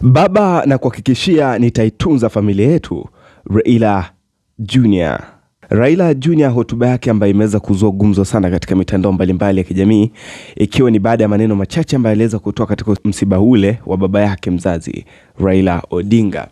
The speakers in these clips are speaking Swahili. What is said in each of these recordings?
Baba, na kuhakikishia nitaitunza familia yetu. Raila Junior. Raila Junior, hotuba yake ambayo imeweza kuzua gumzo sana katika mitandao mbalimbali ya kijamii, ikiwa ni baada ya maneno machache ambayo aliweza kutoa katika msiba ule wa baba yake mzazi Raila Odinga.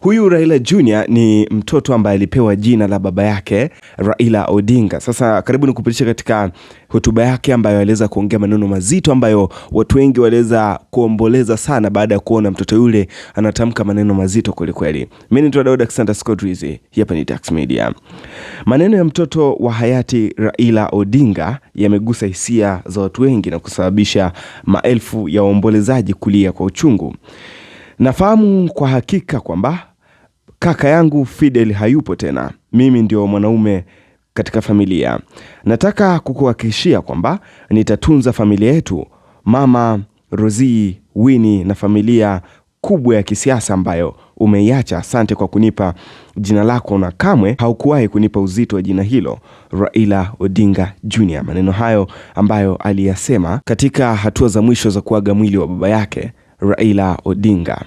Huyu Raila Junior ni mtoto ambaye alipewa jina la baba yake Raila Odinga. Sasa karibu nikupitisha katika hotuba yake ambayo aliweza kuongea maneno mazito ambayo watu wengi waliweza kuomboleza sana baada ya kuona mtoto yule anatamka maneno mazito kwelikweli. Mimi ni Todd Alexander Scott Rizzi, hapa ni Dax Media. Maneno ya mtoto wa hayati Raila Odinga yamegusa hisia za watu wengi na kusababisha maelfu ya waombolezaji kulia kwa uchungu. Nafahamu kwa hakika kwamba kaka yangu Fidel hayupo tena. Mimi ndio mwanaume katika familia. Nataka kukuhakikishia kwamba nitatunza familia yetu, mama Rosie, Winnie na familia kubwa ya kisiasa ambayo umeiacha. Asante kwa kunipa jina lako na kamwe haukuwahi kunipa uzito wa jina hilo, Raila Odinga Jr. Maneno hayo ambayo aliyasema katika hatua za mwisho za kuaga mwili wa baba yake Raila Odinga.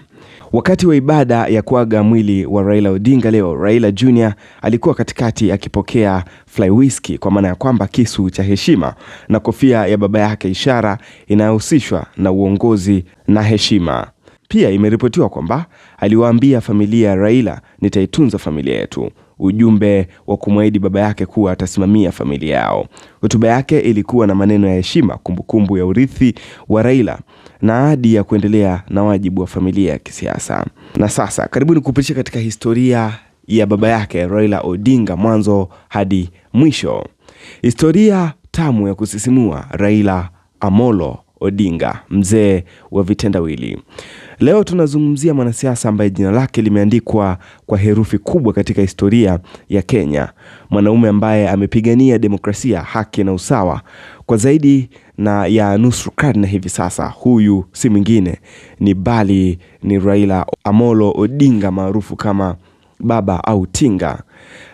Wakati wa ibada ya kuaga mwili wa Raila Odinga leo, Raila Junior alikuwa katikati akipokea whisky, kwa maana ya kwamba kisu cha heshima na kofia ya baba yake, ishara inayohusishwa na uongozi na heshima. Pia imeripotiwa kwamba aliwaambia familia ya Raila, nitaitunza familia yetu ujumbe wa kumwahidi baba yake kuwa atasimamia familia yao. Hotuba yake ilikuwa na maneno ya heshima, kumbukumbu ya urithi wa Raila na ahadi ya kuendelea na wajibu wa familia ya kisiasa. Na sasa karibu kupitisha katika historia ya baba yake Raila Odinga mwanzo hadi mwisho. Historia tamu ya kusisimua Raila Amolo Odinga, mzee wa vitendawili. Leo tunazungumzia mwanasiasa ambaye jina lake limeandikwa kwa herufi kubwa katika historia ya Kenya, mwanaume ambaye amepigania demokrasia, haki na usawa kwa zaidi na ya nusu karne hivi sasa. Huyu si mwingine ni bali ni Raila Amolo Odinga maarufu kama Baba au Tinga.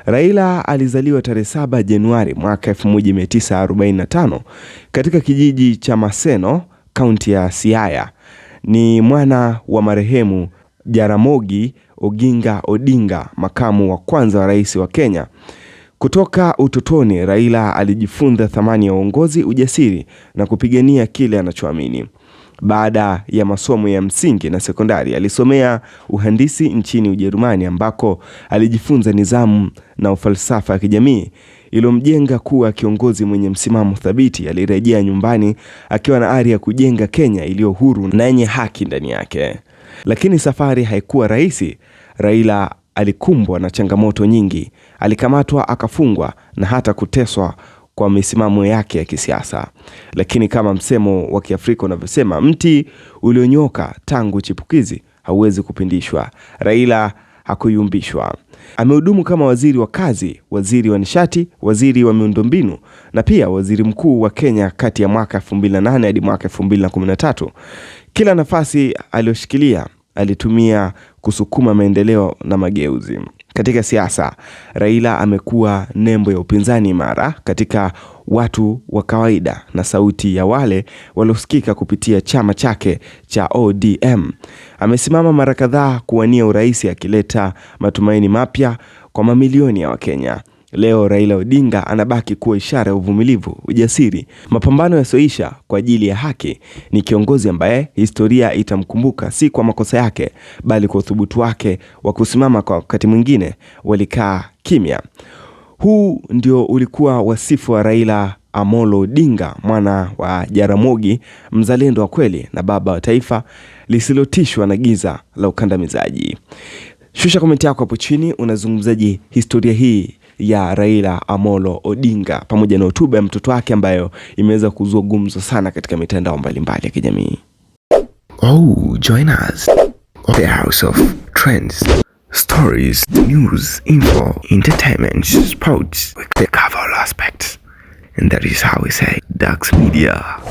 Raila alizaliwa tarehe 7 Januari mwaka 1945 katika kijiji cha Maseno, kaunti ya Siaya ni mwana wa marehemu Jaramogi Oginga Odinga, makamu wa kwanza wa rais wa Kenya. Kutoka utotoni, Raila alijifunza thamani ya uongozi, ujasiri na kupigania kile anachoamini. Baada ya masomo ya msingi na sekondari, alisomea uhandisi nchini Ujerumani ambako alijifunza nidhamu na ufalsafa ya kijamii iliyomjenga kuwa kiongozi mwenye msimamo thabiti. Alirejea nyumbani akiwa na ari ya kujenga Kenya iliyo huru na yenye haki ndani yake. Lakini safari haikuwa rahisi. Raila alikumbwa na changamoto nyingi. Alikamatwa, akafungwa na hata kuteswa kwa misimamo yake ya kisiasa. Lakini kama msemo wa Kiafrika unavyosema, mti ulionyoka tangu chipukizi hauwezi kupindishwa. Raila hakuyumbishwa. Amehudumu kama waziri wa kazi, waziri wa nishati, waziri wa miundombinu na pia waziri mkuu wa Kenya kati ya mwaka 2008 hadi mwaka 2013. Kila nafasi aliyoshikilia alitumia kusukuma maendeleo na mageuzi. Katika siasa, Raila amekuwa nembo ya upinzani imara katika watu wa kawaida na sauti ya wale waliosikika kupitia chama chake cha ODM. Amesimama mara kadhaa kuwania urais akileta matumaini mapya kwa mamilioni ya Wakenya. Leo Raila Odinga anabaki kuwa ishara ya uvumilivu, ujasiri, mapambano yasioisha kwa ajili ya haki. Ni kiongozi ambaye historia itamkumbuka si kwa makosa yake, bali kwa uthubutu wake wa kusimama kwa wakati mwingine walikaa kimya. Huu ndio ulikuwa wasifu wa Raila Amolo Odinga, mwana wa Jaramogi, mzalendo wa kweli na baba wa taifa lisilotishwa na giza la ukandamizaji. Shusha komenti yako hapo chini, unazungumzaje historia hii ya Raila Amolo Odinga pamoja na hotuba ya mtoto wake ambayo imeweza kuzua gumzo sana katika mitandao mbalimbali ya kijamii. Oh, join us. The House of Trends, Stories, News, Info, Entertainment, Sports. We cover all aspects. And that is how we say Dax Media.